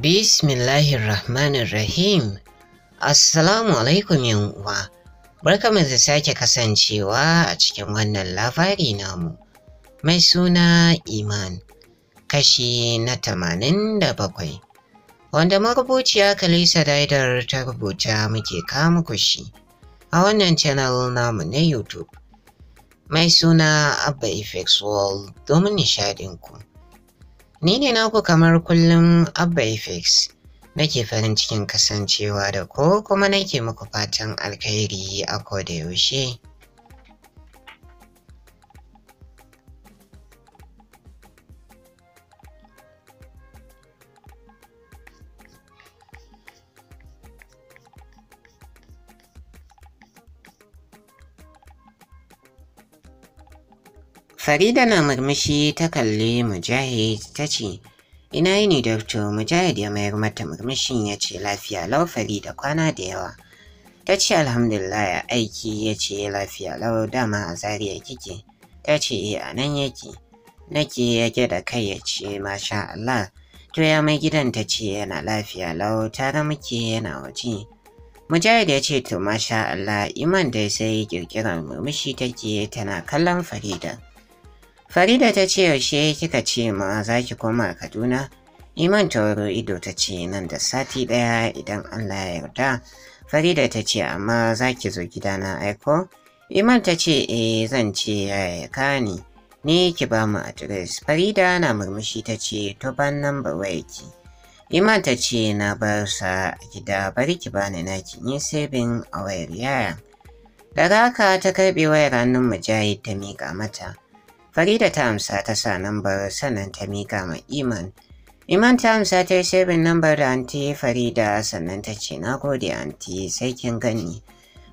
Bismillahir Rahmanir Rahim. Assalamu alaikum uwa. Barkamu da sake kasancewa a cikin wannan labari namu. Mai suna Iman. Kashi na tamanin da bakwai. Wanda marubuciya Kalisa Daidar ta rubuta muke kama kushi a wannan channel namu na YouTube. Mai suna Abba Effects World domin nishadinku. Ni ne naku kamar kullum Abba Nake farin cikin kasancewa da ko kuma nake muku fatan alkhairi a koda yaushe. Farida na murmushi ta kalli Mujahid ta ce, Ina yi ne dokto Mujahid ya mayar mata murmushin ya ce lafiya lau Farida kwana da yawa. Ta ce alhamdulillah aiki ya ce lafiya lau dama a zariya kike. Ta ce eh, a nan yake. Nake yake da kai ya ce masha Allah. To ya mai gidan ta ce yana lafiya lau tare muke yana waje. Mujahid ya ce to masha Allah iman dai sai kirkirar murmushi take tana kallon Farida. Farida ta ce yaushe kika ce ma za ki koma Kaduna? Iman Tauro Ido ta ce nan da sati ɗaya idan Allah ya yarda. Farida ta ce amma za ki zo gidana aiko? Iman ta ce e, zan ce yaya ka ni. Ni ki ba mu adres. Farida na murmushi ta ce to ban nan ba ki. Iman ta ce na bar sa gida bari ki bani naki ni sabin a wayar yaya. Daga haka ta karɓe wayar hannun Mujahid ta miƙa mata. Farida ta amsa ta sa lambar sannan ta miƙa ma Iman. Iman ta amsa ta yi lambar da anti Farida sannan ta ce na gode anti sai kin gani.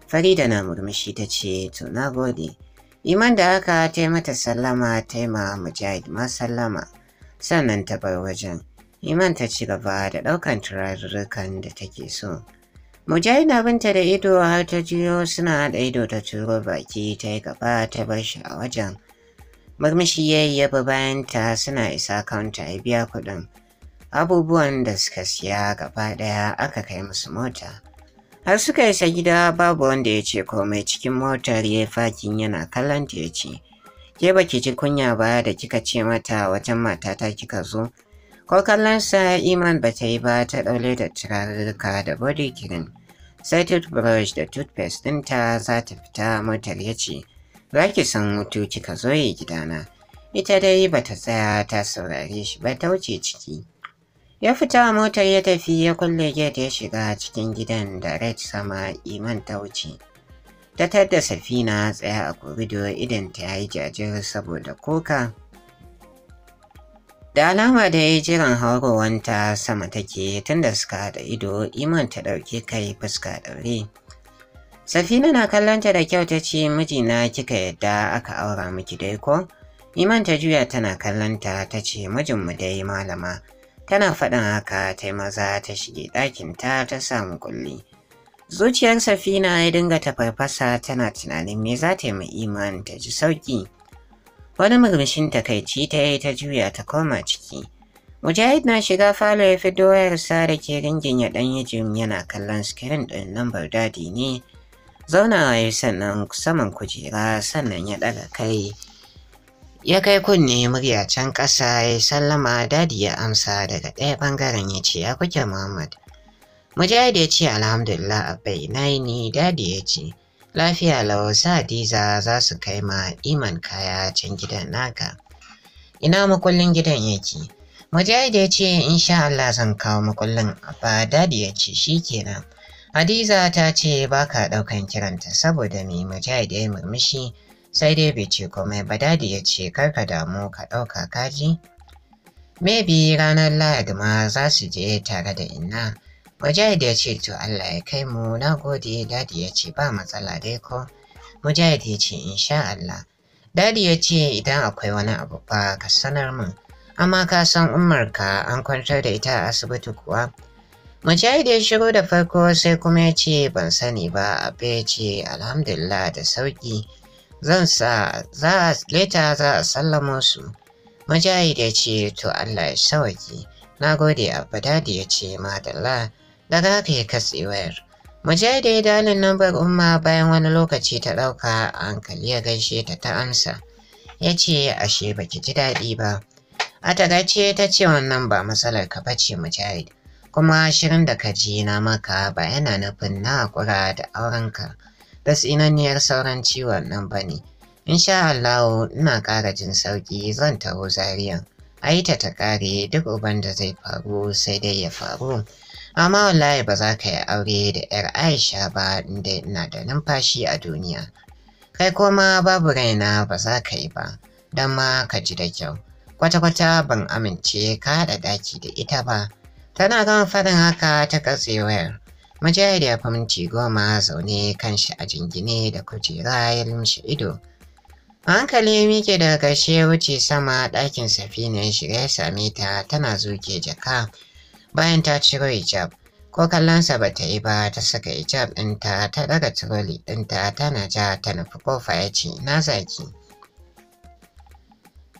Farida na murmushi ta ce to na gode. Iman da haka ta yi mata sallama ta yi ma Mujahid ma sallama sannan ta bar wajen. Iman ta ci gaba da ɗaukan turarurrukan da take so. Mujahid abinta da ido har ta jiyo suna haɗa ido ta turo baki ta yi gaba ta bar shi a wajen. Murmushi ya yi yaba bayanta suna isa kaunta ya biya kuɗin. Abubuwan da suka siya gaba ɗaya aka kai musu mota. Har suka isa gida babu wanda ya ce komai cikin motar ya fakin yana kallon ta ya ce, Ke ba ki ji kunya ba da kika ce mata wajen matata kika zo? Ko kallon kallonsa Iman ba ta yi ba ta ɗaule da turaruka da body cream. Sai brush da toothpaste ɗinta za ta fita motar ya ce, za san mutu kika zo yi gidana. Ita dai ba ta tsaya ta saurare shi ba ta wuce ciki. Ya fita a motar ya tafi ya kulle gate ya shiga cikin gidan da Red sama iman ta wuce. Ta tadda safina tsaya a korido idan ta yi jajir saboda koka. Da alama da ya jiran haurowanta sama take tunda suka haɗa ido iman ta ɗauki kai fuska ɗaure. Safina na kallonta da kyau ta ce mijina kika yadda aka aura miki dai ko? Iman ta juya tana kallonta ta ce mu dai malama. Tana faɗin haka ta maza ta shige ɗakinta ta samu kulli. Zuciyar Safina ya dinga tafarfasa tana tunanin me za ta yi Iman ta ji sauƙi. Wani murmushin takaici ta yi ta juya ta koma ciki. Mujahid na shiga falo ya fi doyarsa da ke ringin ya ɗan yi jim yana kallon sikirin ɗin lambar dadi ne zauna ya sannan saman kujera sannan ya ɗaga kai ya kai kunne murya can ƙasa ya sallama dadi ya amsa daga ɗaya ɓangaren ya ce ya kuke muhammad mujahid ya ce alhamdulillah abai na yi ni dadi ya ce lafiya lau diza za su kai ma iman kaya can gidan naka ina makullin gidan yake mujahid ya ce insha Allah zan kawo makullin abba dadi ya ce shikenan Hadiza ta ce ba ka ɗaukan kiranta saboda mai mujahid ya murmushi sai dai bai ce komai ba dadi ya ce kar ka damu ka ɗauka kaji. Maybe ranar Lahadi ma za su je tare da inna. Mujahid ya ce to Allah ya kai mu na gode dadi ya ce ba matsala dai ko. Mujahid ya ce insha Allah. Dadi ya ce idan akwai wani abu ba ka sanar min. Amma ka san umarka an kwantar da ita a asibiti kuwa. Mujahid ya shigo da farko sai kuma ya ce ban sani ba a ya ce alhamdulillah da sauki zan sa za a leta za a sallamo su. Mujahid ya ce to Allah ya sawaki na gode abu dadi ya ce madalla daga haka ya katse wayar. Mujahid ya dalin nambar umma bayan wani lokaci ta ɗauka a hankali ya gaishe ta ta amsa. Ya ce ashe baki ji daɗi ba. A tagace ta ce wannan ba matsalar ka bace Mujahid. kuma shirin da ka ji na maka ba yana nufin na kura da aurenka da tsinanniyar sauran ciwon nan ba ne. Insha Allah ina ƙara jin sauƙi zan taho zariyan. Aita ta ƙare duk uban da zai faru sai dai ya faru. Amma wallahi ba za ka yi aure da 'yar Aisha ba inda ina da numfashi a duniya. Kai kuma babu raina ba za ka yi ba, don ma ka ji da kyau. Kwata-kwata ban amince ka haɗa daki da ita ba. Tana gama faɗin haka ta katse wayar. Mujahid ya fi minti goma zaune kan shi a jingine da kujera ya lumshe ido. hankali ya miƙe daga ƙarshe wuce sama ɗakin safina ya shiga ya same ta tana zuke jaka bayan ta ciro hijab ko kallonsa ba ta yi ba ta saka hijab ɗinta ta ɗaga turoli ɗinta tana ja ta nufi kofa ya ce na zaki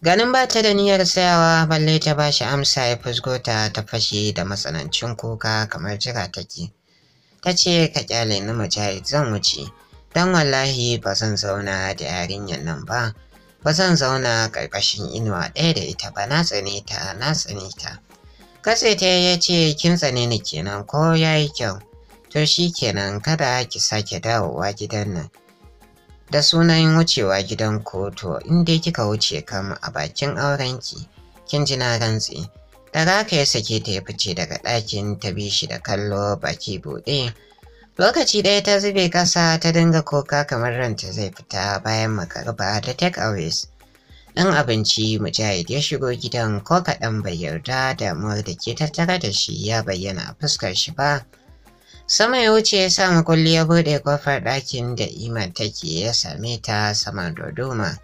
ganin ba ta da niyyar tsayawa balle ta ba shi amsa ya fusgo ta fashe da matsanancin kuka kamar jira take ta ce ka kyale ni mujahid zan wuce Don wallahi ba zan zauna da yarinyar nan ba ba zan zauna ƙarƙashin inuwa ɗaya da ita ba na tsane ta na tsane ta katse ta ya ce kin tsane ni kenan ko ya yi kyau to shi kenan kada ki sake dawowa gidan nan da sunan wucewa gidan kotu inda kika wuce kam a bakin aurenki kin ji na rantsi da raka ya sake ta ya fice daga ɗakin ta bi shi da kallo baki buɗe lokaci ɗaya ta zube ƙasa ta dinga koka kamar ranta zai fita bayan makarba da take always ɗan abinci mujahid ya shigo gidan ko kaɗan bai yarda damuwar da ke tattare da shi ya bayyana a fuskar shi ba. Sama ya wuce ya sa makulli ya buɗe kofar ɗakin da Iman take ya same ta saman dodoma.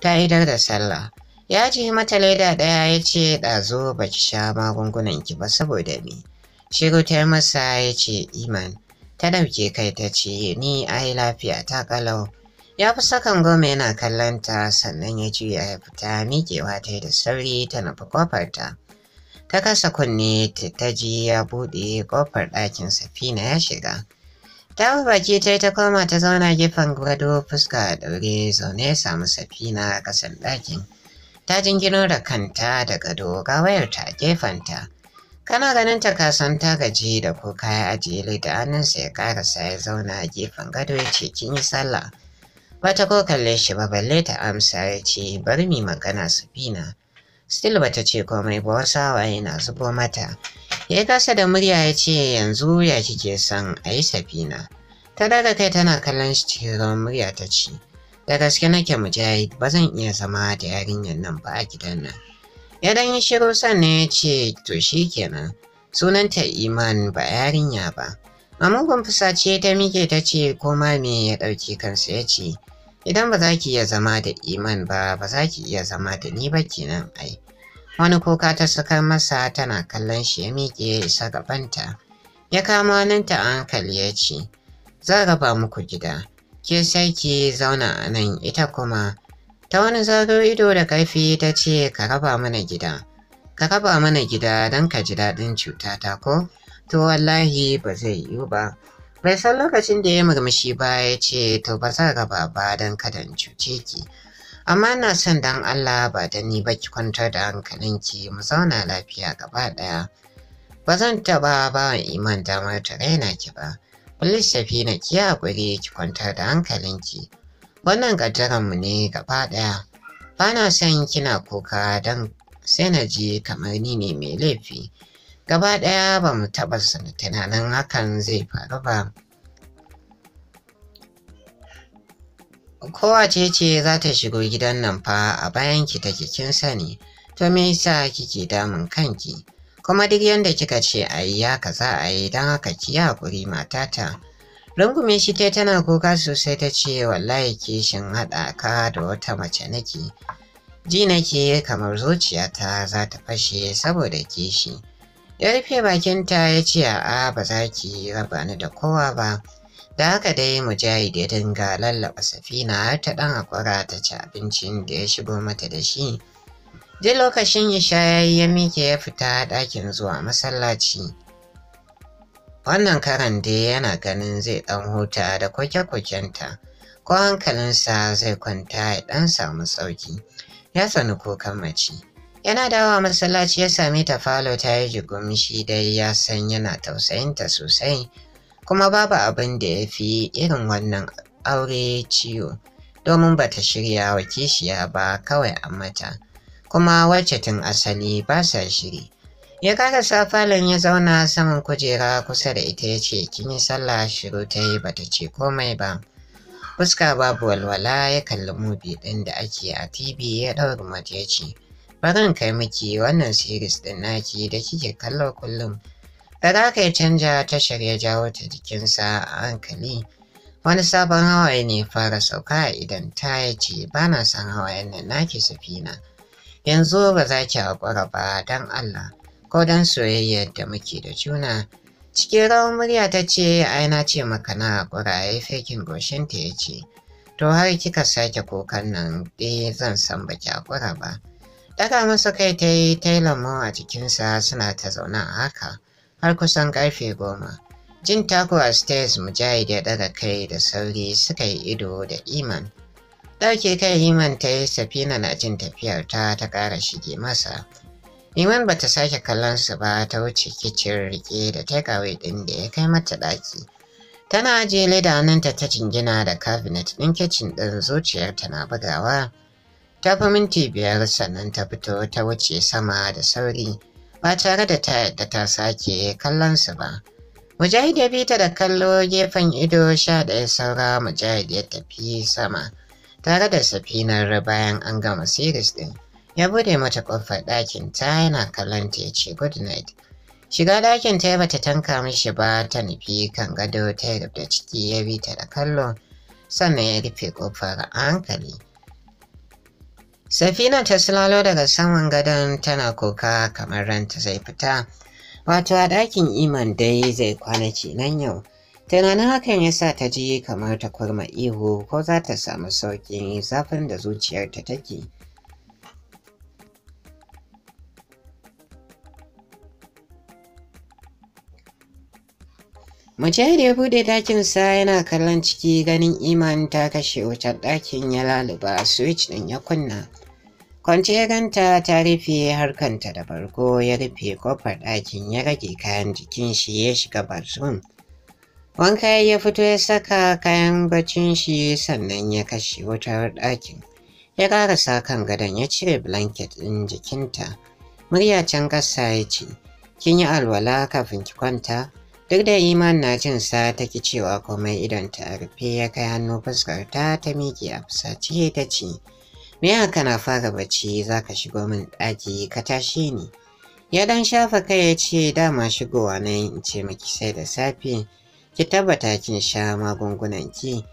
Ta idar da sallah. Ya ji mata leda ɗaya ya ce ɗazo ba ki sha magungunan ki ba saboda me. Shiru ta masa ya ce Iman. Ta ɗauke kai ta ce ni ai lafiya ta kalau. Ya fi sakan goma yana kallon ta sannan ya juya ya fita miƙewa ta yi da sauri ta nufi kofar ta. ta kasa kunne ta ji ya buɗe kofar ɗakin safina ya shiga ta baki ta ta koma ta zauna gefen gado fuska a ɗaure zaune ya samu safina a kasan ɗakin ta jingino da kanta da gado ga wayarta a gefenta kana ganin ta kasan ta gaji da kuka ya ajiye da hannunsa ya karasa ya zauna a gefen gado ya ce kin yi sallah bata ko kalle shi ba balle ta amsa ya ce bari mi magana safina Still bata ce komai ba wasu hawaye na zubo mata. Ya kasa da murya ya ce yanzu ya kike son a yi safina. Ta daga kai tana kallon shi cikin ruwan murya ta ce, Da gaske nake mujahid ba zan iya zama da yarinyar nan ba a gidan nan. Ya dan yi shiru sannan ya ce to shi kenan sunanta iman ba yarinya ba. A mugun fusace ta mike ta ce ko me ya ɗauki kansa ya ce Idan ba za ki iya zama da Iman ba, ba za ki iya zama da ni ba kenan ai. Wani kuka ta sakar masa tana kallon shi ya miƙe ya isa gabanta. Ya kama ta a hankali ya ce, Zan raba muku gida, ke sai ki zauna a nan ita kuma. Ta wani zaro ido da ƙarfi ta ce ka raba mana gida. Ka raba mana gida don ka ji daɗin cutata ko? To wallahi ba zai yiwu ba. bai san lokacin da ya murmushi ba ya ce to ba za raba ba don kada in cuce ki amma na son dan Allah ba da ni ba ki kwantar da hankalinki mu zauna lafiya gaba ɗaya ba zan taɓa ba iman damar ta raina ki ba Polis na ki haƙuri ki kwantar da hankalinki. Wannan mu ne gaba ɗaya. Ba na son kina kuka don sai na ji kamar ni ne mai laifi. gaba ɗaya ba mu taɓa tunanin hakan zai faru ba kowace ce za ta shigo gidan nan fa a bayan ki take kin sani to me yasa kike damun kanki kuma duk yanda kika ce a yi ka za a yi don haka ki hakuri matata rungume shi ta tana kuka sosai ta ce wallahi kishin haɗa ka da wata mace nake ji nake kamar zuciyata za ta fashe saboda kishi ya rufe bakinta ya ce a ba za ki raba ni da kowa ba da haka dai mujahid ya dinga lallaba safina har ta ɗan hakura ta ci abincin da ya shigo mata da shi duk lokacin isha ya yi ya mike ya fita ɗakin zuwa masallaci wannan karan dai yana ganin zai ɗan huta da koke-kokenta ko hankalinsa zai kwanta ya ɗan samu sauki ya tsani kukan mace Yana dawowa masallaci ya sami ta falo ta yi jigumshi dai ya san yana tausayinta sosai kuma babu abin da ya fi irin wannan aure ciwo domin ba ta shirya wa kishiya ba kawai a mata kuma wacce tun asali ba sa shiri. Ya karasa falon ya zauna saman kujera kusa da ita ya ce kin yi sallah shiru ta yi ba ta ce komai ba. Fuska babu walwala ya kalli mubi ɗin da ake a TV ya ɗaura mata ya ce barin kai miki wannan series ɗin naki da kike kallo kullum. Da za ka canja tashar ya jawo ta jikinsa a hankali. Wani sabon hawaye ne fara sauka idan ta yi ce ba na son hawayen nan naki safina. Yanzu ba za ki haƙura ba don Allah ko don soyayyar da muke da juna. Cikin rawar murya ta ce ai na ce maka na haƙura ya yi fekin goshinta ya ce. To har kika sake kukan nan ɗaya eh, zan san baki haƙura ba. Daga masa kai ta yi ta yi lamon a jikinsa suna ta zaune a haka har kusan ƙarfe goma. Jin taku a stairs Mujahid ya daga kai da sauri suka yi ido da Iman. Ɗauke kai Iman ta yi safina na jin tafiyar ta ta ƙara shige masa. Iman bata sake kallon su ba ta wuce kicin rike da takeaway ɗin da ya kai mata ɗaki. Tana ajiye ledanunta ta jingina da Kabinet ɗin kicin ɗin zuciyarta na bugawa. ta fi minti biyar sannan ta fito ta wuce sama da sauri ba tare da ta yadda ta sake kallon su ba. Mujahid ya bi da kallo gefen ido sha ɗaya saura Mujahid ya tafi sama tare da safinar bayan an gama siris ɗin. Ya bude mata ƙofar ɗakin ta yana kallon ta ya ce good night. Shiga ɗakin ta bata tanka mishi ba ta nufi kan gado ta da ciki ya bi ta da kallo sannan ya rufe ƙofar a hankali. Safina ta silalo daga saman gadon tana kuka kamar ranta zai fita. Wato a ɗakin iman dai zai kwanaki nan yau. Tunanin hakan ya sa ta ji kamar ta kurma ihu ko za ta samu sauƙin zafin da zuciyar ta take. Mujahid ya bude dakinsa yana kallon ciki ganin iman ta kashe wutar ɗakin ya laluba switch ɗin ya kunna. Kwance ya ta rufe harkanta da farko, ya rufe kofar ɗakin ya rage kayan jikin shi ya shiga bathroom. Wanka ya fito ya saka kayan bacin shi sannan ya kashe wutar ɗakin. Ya karasa kan gadon ya cire blanket ɗin jikinta. Murya can ƙasa ya ce, Kin yi alwala kafin ki kwanta? Duk da iman na jin sa ta ki cewa komai idan ta rufe ya kai hannu fuskar ta ta miƙe a fusace ta ce, Me kana fara bacci za ka shigo min ɗaki ka tashe ni. Ya dan shafa kai ya ce dama shigowa na in ce miki sai da safe ki tabbata kin sha magungunan ki.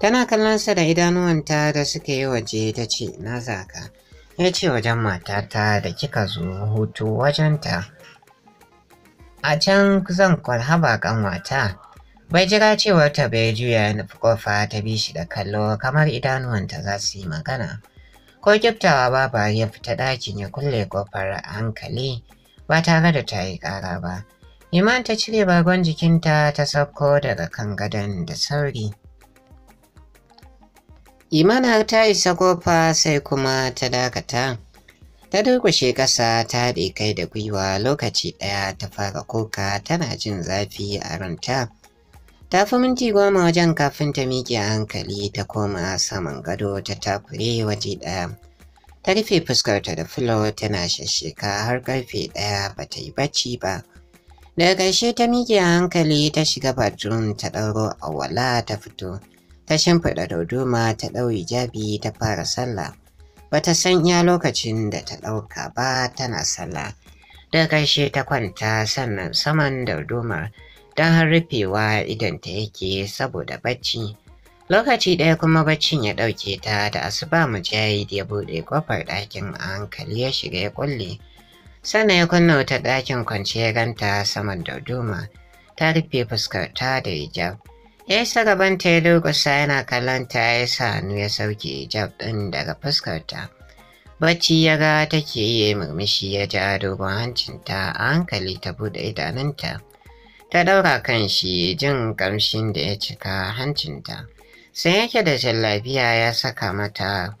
Tana kallonsa da idanuwanta da suka yi waje ta ce na zaka. Ya ce wajen matata da kika zo hutu wajenta. A can zan kwalhaba kanwata. Bai jira cewar ta bai juya ya nufi kofa ta bi shi da kallo kamar idanuwanta za su yi magana. ko kyaftawa ba ya fita ɗakin ya kulle kofar a hankali ba tare da ta yi ƙara ba. Iman ta cire bagon jikinta ta sauko daga kan gadon da sauri. Iman har ta isa kofa sai kuma ta dakata. Ta durkushe ƙasa ta haɗe kai da gwiwa lokaci ɗaya ta fara kuka tana jin zafi a ranta. Ta fi minti goma wajen kafin ta miƙe a hankali ta koma saman gado ta takure waje ɗaya. Ta rufe fuskarta da fulo tana shasheka har karfe ɗaya ba ta yi bacci ba. Daga ƙarshe ta miƙe a hankali ta shiga bathroom ta ɗauro awala ta fito. Ta shimfiɗa dodoma ta ɗau hijabi ta fara sallah. Ba ta san iya lokacin da ta ɗauka ba tana sallah. Daga ƙarshe ta kwanta sannan saman dardumar don har rufewa ta yake saboda bacci. Lokaci ɗaya kuma baccin ya ɗauke ta da asuba mujahid ya buɗe kofar ɗakin a hankali ya shiga ya kulle. Sannan ya kunna wuta ɗakin kwance ya ganta saman dauduma ta rufe fuskarta da hijab. Ya gaban gabanta ya durƙusa yana kallon ta ya sa hannu ya sauke hijab ɗin daga fuskarta. Bacci ya ga take yi murmushi ya ja dogon hancinta a hankali ta buɗe idanunta. ta ɗaura kan shi jin ƙamshin da ya cika hancinta. Sai yake da jallabiya ya saka mata,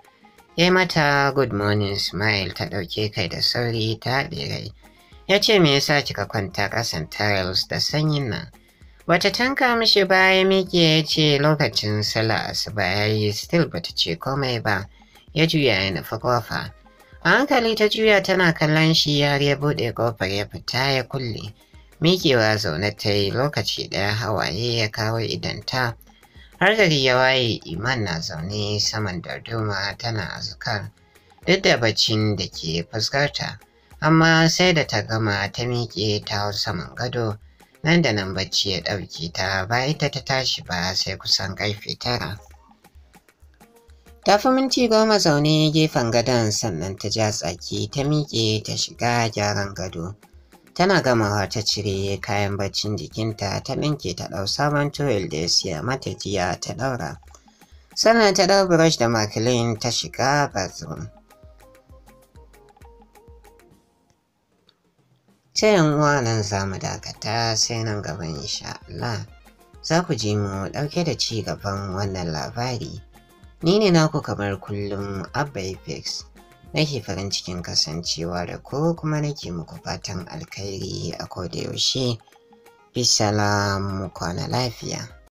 ya mata good morning smile ta ɗauke kai da sauri ta haɗe rai. Ya ce me yasa kika kwanta ƙasan tiles da sanyin nan. Wata tanka mishi baya miƙe ya ce lokacin sallah asuba ya yi still bata ce komai ba, ya juya ya nufi kofa A hankali ta juya tana kallon shi yare ya buɗe ƙofar ya fita ya kulle. Mikewa zaune ta yi lokaci ɗaya hawaye ya kawo idanta. Har gari ya waye Iman na zaune saman darduma tana azukar, duk da baccin da ke fuskarta. Amma sai da ta gama ta miƙe ta saman gado nan da nan bacci ya ɗauke ta ba ita ta tashi ba sai kusan ƙarfe tara. Ta fi minti goma zaune gefen gadon sannan ta ja tsaki ta miƙe ta shiga gyaran gado. Tana gamawa ta cire kayan baccin jikinta ta ɗinke ta ɗau sabon tuwil da ya siya mata jiya ta ɗaura. Sannan ta ɗau brush da makilin ta shiga bathroom. Ta yan uwa nan za mu dakata sai nan gaban insha Allah. Za ku ji mu ɗauke da ci gaban wannan labari. Ni ne naku kamar kullum Abba nake farin cikin kasancewa da ku kuma nake muku fatan alkhairi a koda yaushe bisalamu kwana lafiya